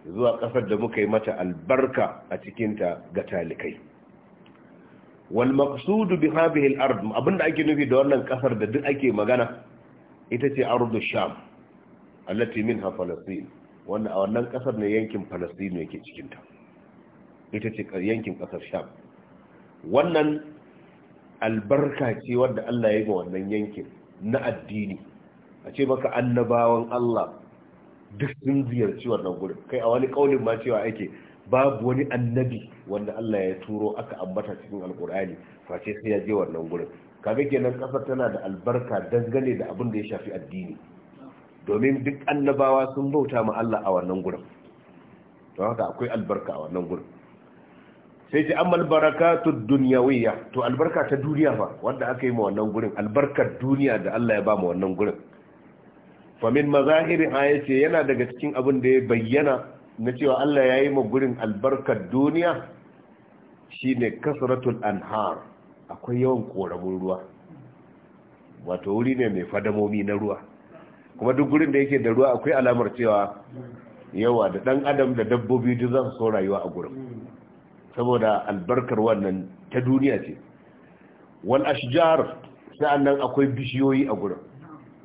A: zuwa ƙasar da muka yi mata albarka a cikinta ga talikai wal maqsudu bi hadhihi al ard abinda ake nufi da wannan ƙasar da duk ake magana ita ce ardu sham allati minha falastin wannan a wannan ƙasar ne yankin falastin yake cikinta ita ce yankin ƙasar sham wannan albarka ce wadda Allah ya yi ga wannan yankin na addini a ce maka annabawan Allah duk sun ziyarci wannan gurin kai a wani kaunin ma cewa ake babu wani annabi wanda Allah ya turo aka ambata cikin alkur'ani face sai ya je wannan gurin kaga kenan kasar tana da albarka dangane da abin da ya shafi addini domin duk annabawa sun bauta ma Allah a wannan gurin to haka akwai albarka a wannan gurin sai ce amma ta dunyawiyya to albarka ta duniya fa wanda aka yi ma wannan gurin albarkar duniya da Allah ya ba mu wannan gurin famin mazahiri a ya ce yana daga cikin abin da ya bayyana na cewa Allah ya yi gurin albarkar duniya shi ne kasratul anhar akwai yawan koramun ruwa wato wuri ne mai fadamomi na ruwa kuma duk gurin da yake da ruwa akwai alamar cewa yawa da dan adam da dabbobi duk zan so rayuwa a gurin saboda albarkar wannan ta duniya ce wal ashjar sa'annan akwai bishiyoyi a gurin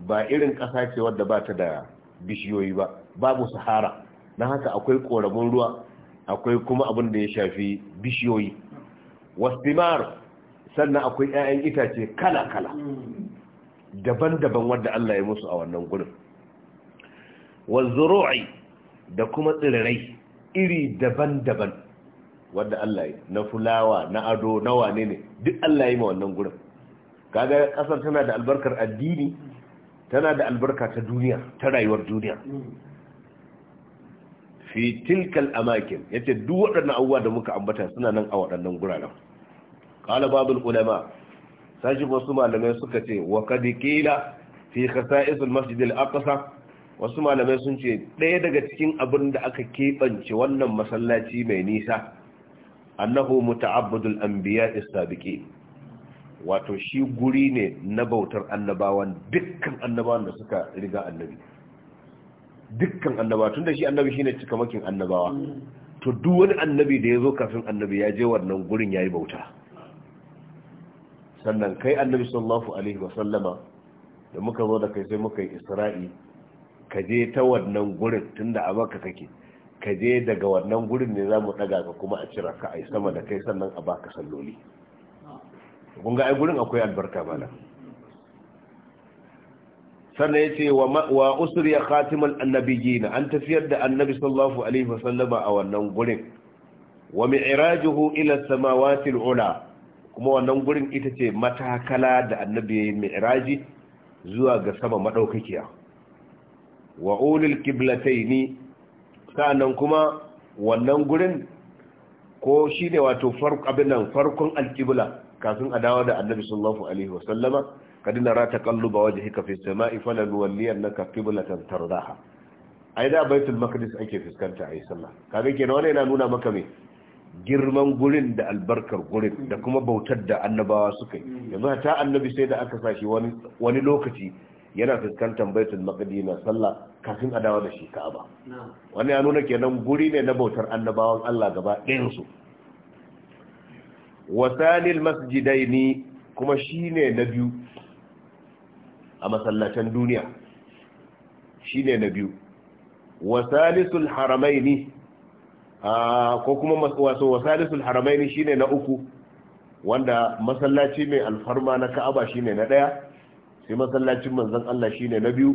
A: ba irin ƙasa ce wadda ba ta da bishiyoyi ba babu sahara na haka akwai ƙoramin ruwa akwai kuma abin da ya shafi bishiyoyi wastimar sannan akwai 'ya'yan itace kala-kala daban-daban wadda Allah ya musu a wannan gudun wanzuro'ai da kuma tsirrai iri daban-daban wadda Allah ya na fulawa na ado na wane ne duk Allah ya yi ma wannan gudun kaga ƙasar tana da albarkar addini tana da albarka ta duniya ta rayuwar duniya fi tilkal amakin yace duk waɗannan abubuwa da muka ambata suna nan a waɗannan guraren qala babul ulama sashi wasu malamai suka ce wa kad qila fi khasa'is al-masjid al-aqsa wasu malamai sun ce ɗaya daga cikin abin da aka keɓance wannan masallaci mai nisa annahu muta'abbadul anbiya'is sabiqin wato shi guri ne na bautar annabawan dukkan annabawan da suka riga annabi dukkan annabawa tunda shi annabi shine cikamakin annabawa to duk wani annabi da ya zo kafin annabi ya je wannan gurin yayi bauta sannan kai annabi sallallahu alaihi wa da muka zo da kai sai muka yi isra'i ka je ta wannan gurin tunda a baka kake ka je daga wannan gurin ne za mu ɗaga ka kuma a cira ka a yi sama da kai sannan a baka salloli kun ga ai gurin akwai albarka bala sannan ya ce wa usri ya annabi annabiyina an tafiyar da annabi sallallahu alaihi wasallama a wannan gurin wa mi'rajuhu ila samawati al'ula kuma wannan gurin ita ce matakala da annabi yayin mi'raji zuwa ga sama madaukakiya wa ulil qiblataini sannan kuma wannan gurin ko shine wato farq abin nan farkon alqibla kafin a dawo da annabi sallallahu alaihi wa sallama kallu ba waje hika fi samai falanwalliyannaka qiblatan tardaha ai da baitul maqdis ake fuskanta ai sallah kaga kenan wannan yana nuna maka me girman gurin da albarkar gurin da kuma bautar da annabawa suka yi yanzu ta annabi sai da aka sashi wani wani lokaci yana fuskantar baitul maqdis sallah kafin a dawo da shi ka'aba wannan ya nuna kenan guri ne na bautar annabawan Allah gaba ɗayan su wasanil masjidai masjidaini kuma shi ne na biyu a masallatan duniya Shi ne na biyu wasalisul haramaini ko kuma wasu wasalisul shi ne na uku wanda masallaci mai alfarma na ka'aba shi ne na daya sai masallacin manzon Allah shi ne na biyu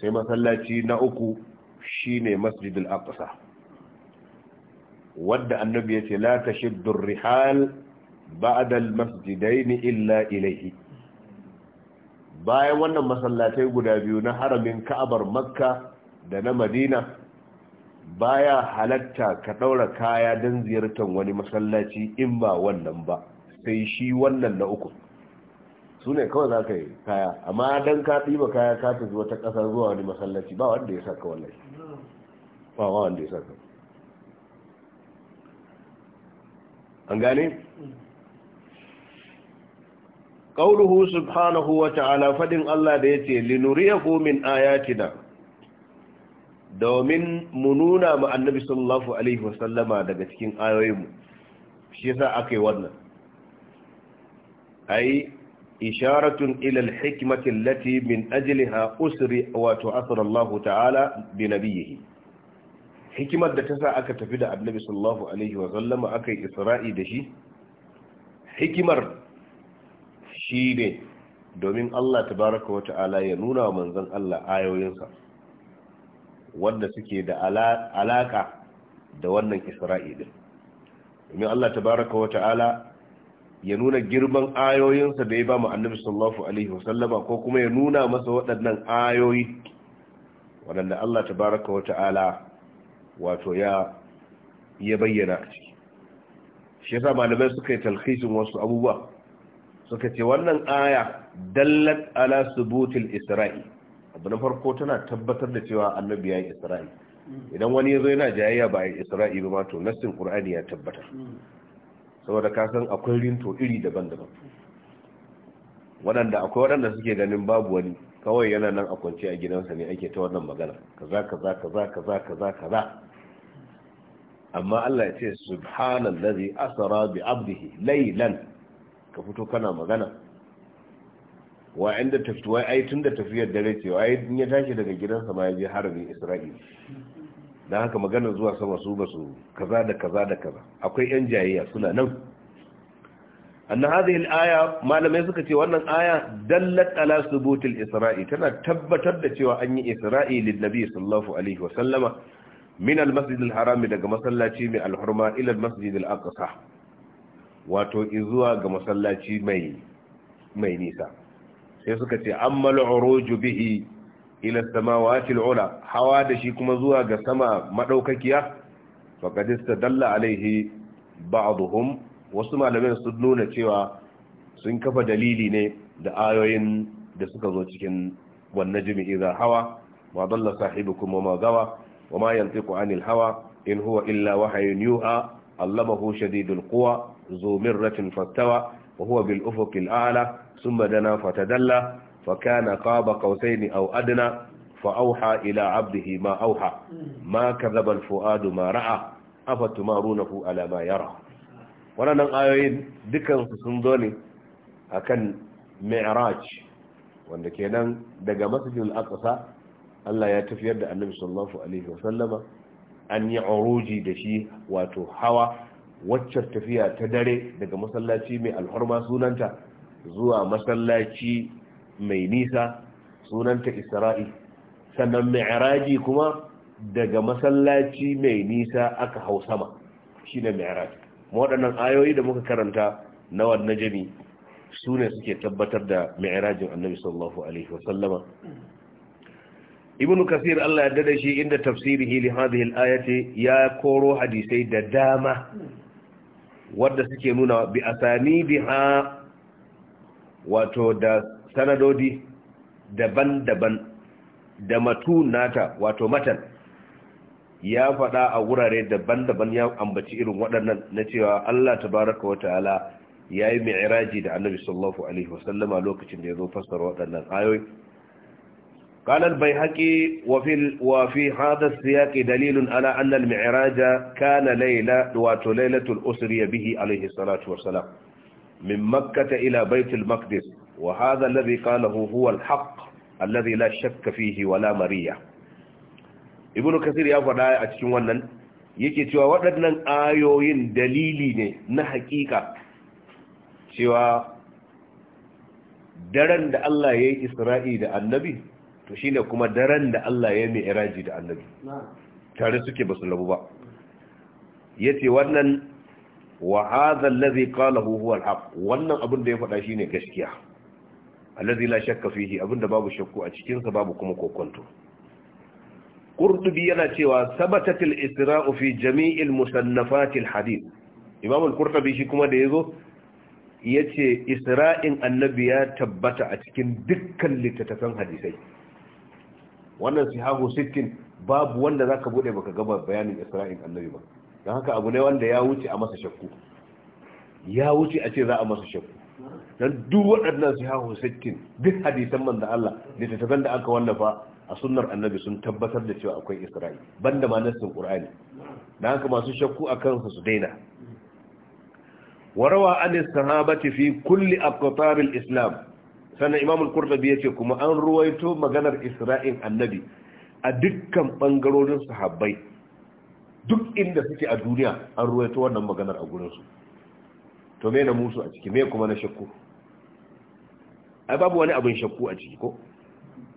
A: sai masallaci na uku shi ne masjidul aqsa wadda annabi ya ce la tashiddu rihal ba'da al-masjidaini illa ilayhi bayan wannan masallatai guda biyu na haramin Ka'abar Makka da na Madina baya halatta ka daura kaya don ziyartar wani masallaci in ba wannan ba sai shi wannan na uku su ne kawai za ka yi kaya amma don ka ɗiba kaya ka tafi wata ƙasa zuwa wani masallaci ba wanda ya saka wallahi ba wanda ya saka an gane qauluhu subhanahu wa ta'ala fadin Allah da yace linuriyahu min ayatina domin mu nuna ma annabi sallallahu alaihi wasallama daga cikin ayoyinmu shi aka yi wannan ai isharatun ilal al lati min ajiliha usri wato ta'athara ta'ala bi nabiyhi hikimar da ta sa aka tafi da annabi sallallahu alaihi wa sallama aka yi isra'i da shi hikimar shi ne domin Allah baraka wa ta'ala ya nuna wa manzon Allah ayoyinsa wanda suke da alaka da wannan isra'i din domin Allah baraka wa ta'ala ya nuna girman ayoyinsa da ya ba mu annabi sallallahu alaihi wa sallama ko kuma ya nuna masa waɗannan ayoyi waɗanda Allah baraka wa ta'ala wato ya bayyana ciki shi yasa malamai suka yi talhisin wasu abubuwa suka ce wannan aya dallat ala subutil isra'i abu na farko tana tabbatar da cewa annabi ya yi isra'i idan wani ya zo yana jayayya ba a isra'i ba to nassin qur'ani ya tabbatar saboda ka san akwai rinto iri daban-daban waɗanda akwai waɗanda suke ganin babu wani kawai yana nan a kwance a gidansa ne ake ta wannan magana kaza kaza kaza kaza kaza kaza amma Allah ya ce subhanallazi asara bi abdihi laylan ka fito kana magana wa inda tafiwa ai tunda tafiyar dare ce ai in ya tashi daga gidansa ma ya je harbin Isra'il dan haka magana zuwa sama su ba su kaza da kaza da kaza akwai yan jayayya suna nan anna hadhihi al-aya malamai suka ce wannan aya dallat ala subutil isra'i tana tabbatar da cewa an yi isra'i lin nabi sallallahu alaihi wa sallama min al harami daga masallaci mai al ila al-masjid wato izuwa ga masallaci mai mai nisa sai suka ce amma al bihi ila samawati hawa da shi kuma zuwa ga sama madaukakiya faqad istadalla alaihi ba'dhum wasu malamai sun nuna cewa sun kafa dalili ne da ayoyin da suka zo cikin wannan jami'i za hawa ma dalla sahibukum wa ma gawa wa ma yantiqu anil hawa in huwa illa wahyun yuha allamahu shadidul quwa zu mirratin fastawa wa huwa bil ufuqil a'la thumma dana fatadalla fa kana qaba qawsayn aw adna fa awha ila 'abdihi ma awha ma kadhaba al fuadu ma ra'a afatumarunahu ala ma yara wannan ayoyin dukan su sun zo ne akan mi'raj wanda kenan daga masjidil aqsa Allah ya tafiyar da annabi sallallahu alaihi wasallama an yi uruji da shi wato hawa waccar tafiya ta dare daga masallaci mai alhorma sunanta zuwa masallaci mai nisa sunanta isra'i sannan mi'raji kuma daga masallaci mai nisa aka hau sama shine mi'raj waɗannan ayoyi da muka karanta na wannan jami su ne suke tabbatar da mi'rajin annabi sallallahu alaihi wasallama ibnu kasir Allah ya dada shi inda tafsirihi li hadhihi al-ayati ya koro hadisai da dama wanda suke nuna bi asani biha wato da sanadodi daban-daban da matunata wato matan ya faɗa a wurare daban-daban ya ambaci irin waɗannan na cewa Allah tabaraka wa ta'ala ya yi mi'iraji da annabi sallallahu alaihi wasallama lokacin da ya zo fassara waɗannan ayoyi قال البيهقي وفي وفي هذا السياق دليل على أن المعراج كان ليلة وات ليلة الأسرية به عليه الصلاة والسلام من مكة إلى بيت المقدس وهذا الذي قاله هو الحق الذي لا شك فيه ولا مرية ابن كثير يا فدا a cikin wannan yake cewa waɗannan ayoyin dalili ne na hakika cewa daren da Allah ya yi Isra'i da Annabi to shine kuma daren da Allah ya mai iraji da annabi tare suke basu labu ba yace wannan wa hadha allazi qalahu wannan abin da ya faɗa shine gaskiya allazi la shakka fihi abin da babu shakku a cikinsa babu kuma kokonto qurtubi yana cewa sabatatil al-isra'u fi jami' al hadith imam al-qurtubi shi kuma da yazo yace isra'in annabi ya tabbata a cikin dukkan littattafan hadisai wannan sihahu sittin babu wanda zaka bude baka gaba bayanin isra'il annabi ba don haka abu ne wanda ya wuce a masa shakku ya wuce a ce za a masa shakku don duk waɗannan sihahu sittin duk hadisan man da Allah littattafan da aka wallafa a sunnar annabi sun tabbatar da cewa akwai israi banda ma nassin qur'ani don haka masu shakku akan su su daina وروى عن الصحابة في كل أقطار الإسلام sannan imam al ya ce kuma an ruwaito maganar isra'in annabi a dukkan bangarorin sahabbai duk inda suke a duniya an ruwaito wannan maganar a gurin to me na musu a ciki me kuma na shakku ai babu wani abin shakku a ciki ko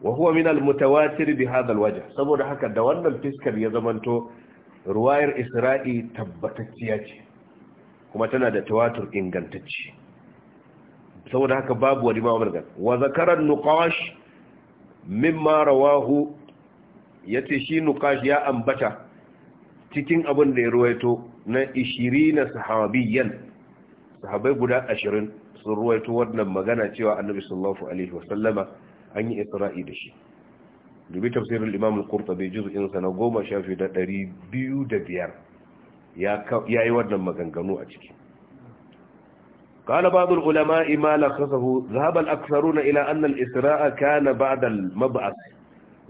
A: wa huwa min al-mutawatir bi hadha al saboda haka da wannan fiskar ya zamanto ruwayar isra'i tabbatacciya ce kuma tana da tawatur ingantacci saboda haka babu wani ma margan wa zakaran nuqash mimma rawahu yace shi nuqash ya ambata cikin abin da ya ruwaito na 20 sahabiyan sahabai guda 20 sun ruwaito wannan magana cewa annabi sallallahu alaihi wasallama an yi isra'i da shi dubi tafsirin imam al-qurtubi juz'in sana goma shafi da 205 ya yi wannan maganganu a ciki قال بعض العلماء ما لخصه ذهب الأكثرون إلى أن الإسراء كان بعد المبعث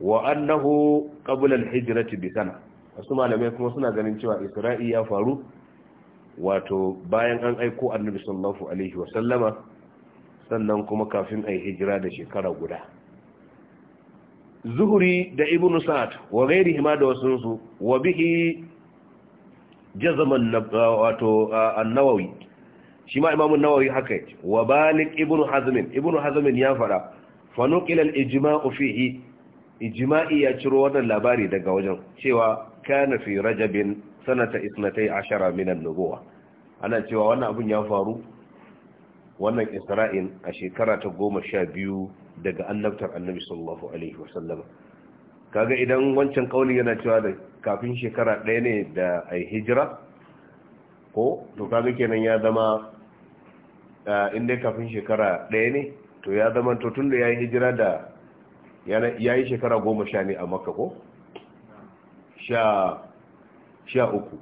A: وأنه قبل الحجرة بسنة wasu malamai kuma suna ganin cewa isra'i ya faru wato bayan an aiko annabi sallallahu alaihi sallama, sannan kuma kafin ayi hijira da shekara guda zuhuri da ibnu sa'ad wa ghairihi ma da wasunsu wa bihi jazaman wato nawawi shi ma nawa nawawi haka yake wa balik ibnu hazmin ibnu hazmin ya fara fa nuqila fihi ijma'i ya ciro wannan labari daga wajen cewa kana fi rajabin sanata 12 min an-nubuwa ana cewa wannan abun ya faru wannan isra'in a shekara ta 12 daga annabtar annabi sallallahu alaihi wasallam kaga idan wancan kauli yana cewa da kafin shekara ɗaya ne da ai hijira ko to kaga kenan ya zama in dai kafin shekara ɗaya ne to ya zama to tun da ya yi hijira da ya yi shekara goma sha ne a Makako? sha uku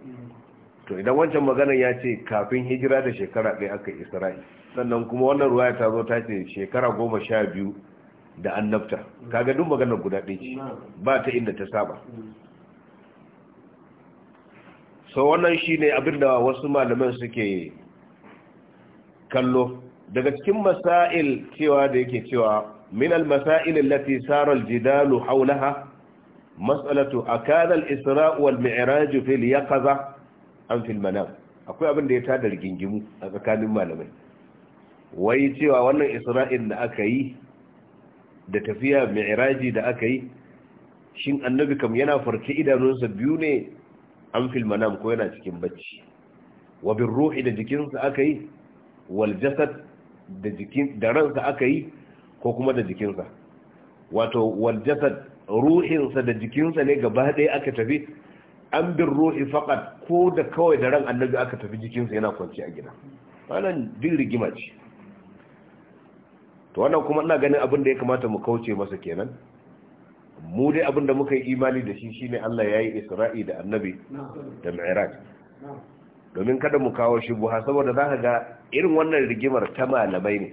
A: to idan wancan maganar ya ce kafin hijira da shekara ɗaya aka isra'i sannan kuma wannan ruwa ta zo ta ce shekara goma sha biyu da an annabta kaga duk maganar guda ɗaya ce ba ta inda ta saba so wannan shine abin da wasu malaman suke kallo daga cikin masail cewa da yake cewa min al-masail allati sara al-jidalu hawlaha mas'alatu akada al-isra wal mi'raj fi al-yaqaza am fi al-manam akwai abin da ya tada rigingimu a tsakanin malamai wai cewa wannan isra'il da aka yi da tafiya mi'raji da aka yi shin annabi kam yana farke idanunsa biyu ne an al manam ko yana cikin bacci wa bin ruhi da jikinsa aka yi wal jasad da jikin da ransa aka yi ko kuma da jikinsa wato wal jasad ruhinsa da jikinsa ne gaba ɗaya aka tafi an bin ruhi faqat ko da kawai da ran annabi aka tafi jikinsa yana kwanci a gida wannan din rigima ce to wannan kuma ina ganin abin da ya kamata mu kauce masa kenan mu dai abin da muka yi imani da shi shine Allah ya yi Isra'i da Annabi da Mi'raj domin kada mu kawo shi buha saboda za ka ga irin wannan rigimar ta malamai ne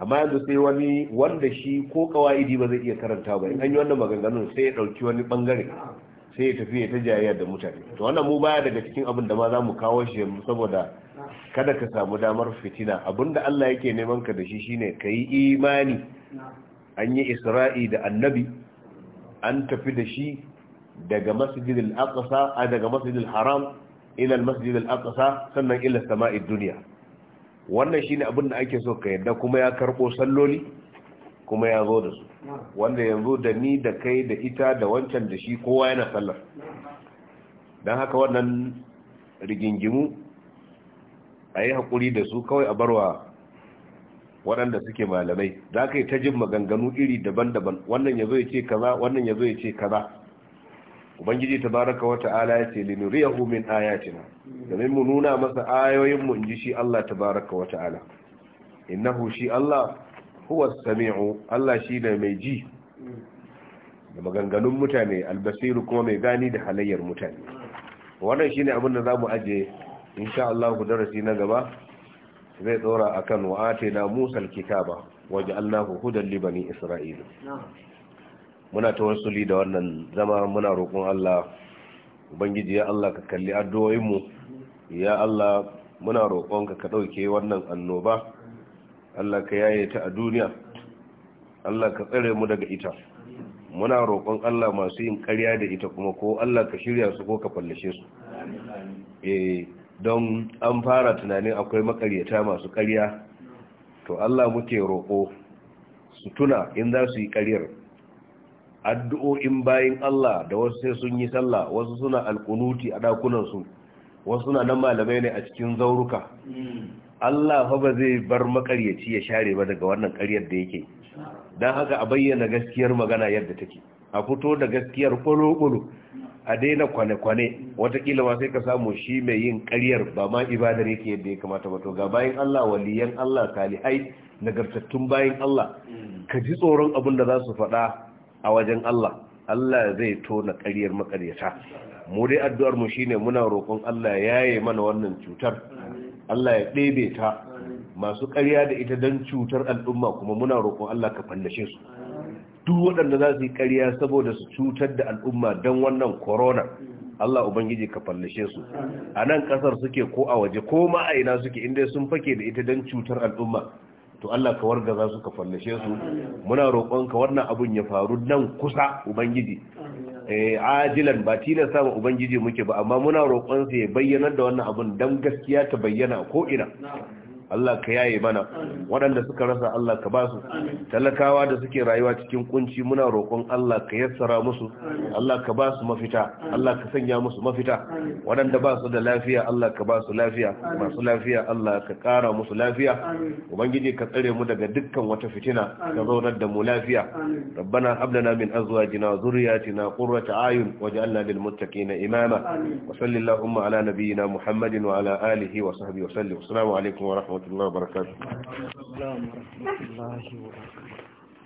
A: amma yanzu sai wani wanda shi ko kawaidi ba zai iya karanta ba in an yi wannan maganganun sai ya ɗauki wani bangare sai ya tafi ya ta jayayya da mutane to wannan mu baya daga cikin abin da ma za mu kawo shi yanzu saboda kada ka samu damar fitina da Allah yake neman ka da shi shine ka yi imani an yi isra'i da annabi an tafi da shi daga masjidil aqsa daga masjidil haram ilan al-masjid al-aqsa sannan ila sama'i dunya wannan shine abin da ake so ka yadda kuma ya karbo salloli kuma ya zo da su wanda yanzu da ni da kai da ita da wancan da shi kowa yana sallar don haka wannan rigingimu a yi hakuri da su kawai a barwa waɗanda suke malamai za ka yi ta jin maganganu iri daban-daban wannan ya zo ya ce kaza wannan ya zo ya ce kaza ubangiji tabaraka wa ta'ala ya ce linuriyahu min ayatina domin mu nuna masa ayoyin mu inji shi Allah tabaraka wa ta'ala innahu shi Allah huwa samiu Allah shi ne mai ji da maganganun mutane albasiru kuma mai gani da halayyar mutane wannan shine abin da zamu aje insha Allah ku darasi na gaba zai tsora akan wa'atina musal kitaba waj'alnahu hudan li bani isra'ila muna ta wasuli da wannan zama muna roƙon Allah ubangiji ya Allah ka kalli addu'o'inmu ya Allah muna roƙonka ka ɗauke wannan annoba Allah ka yaye ta a duniya Allah ka tsare mu daga ita muna roƙon Allah masu yin ƙarya da ita kuma ko Allah ka shirya su ko ka fallashe su eh don an fara tunanin akwai makaryata masu ƙarya to Allah muke roƙo su tuna in za su yi ƙaryar addu'o'in bayan Allah da wasu sai sun yi sallah wasu suna alkunuti a ɗakunansu wasu suna nan malamai ne a cikin zauruka Allah fa ba zai bar makaryaci ya share ba daga wannan karyar da yake don haka a bayyana gaskiyar magana yadda take a fito da gaskiyar kwalo-kwalo a daina kwane-kwane watakila ma sai ka samu shi mai yin karyar ba ma ibadar yake yadda ya kamata ba to ga bayan Allah waliyan Allah salihai nagartattun bayan Allah ka ji tsoron abin da za su faɗa a wajen Allah Allah zai tona ƙaryar makaryata mu dai addu'ar mu shine muna roƙon Allah ya yaye mana wannan cutar Allah ya ɗebe ta masu ƙarya da ita don cutar al'umma kuma muna roƙon Allah ka fallashe su duk waɗanda za su yi ƙarya saboda su cutar da al'umma don wannan corona Allah Ubangiji ka fallashe su a nan ƙasar suke ko a waje ko ma a ina suke inda sun fake da ita don cutar al'umma to Allah ka wargaza su ka fallashe su muna roƙonka wannan abun ya faru nan kusa ubangiji eh ajilan ba tilan sama ubangiji muke ba amma muna roƙon ya bayyana da wannan abun dan gaskiya ta bayyana ko ina Allah ka yaye mana waɗanda suka rasa Allah ka ba su. talakawa da suke rayuwa cikin kunci muna roƙon Allah ka yassara musu Allah ka ba su mafita Allah ka sanya musu mafita waɗanda ba su da lafiya Allah ka ba su lafiya masu lafiya Allah ka ƙara musu lafiya ubangiji ka tsare mu daga dukkan wata fitina ka zaunar da mu lafiya rabbana hab lana min azwajina wa dhurriyyatina qurrata a'yun waj'alna lil muttaqina imama wa sallallahu ala nabiyyina muhammadin wa ala alihi wa sahbihi wa sallam assalamu alaikum wa rahmatullahi warahmatullahi
B: wabarakatuh.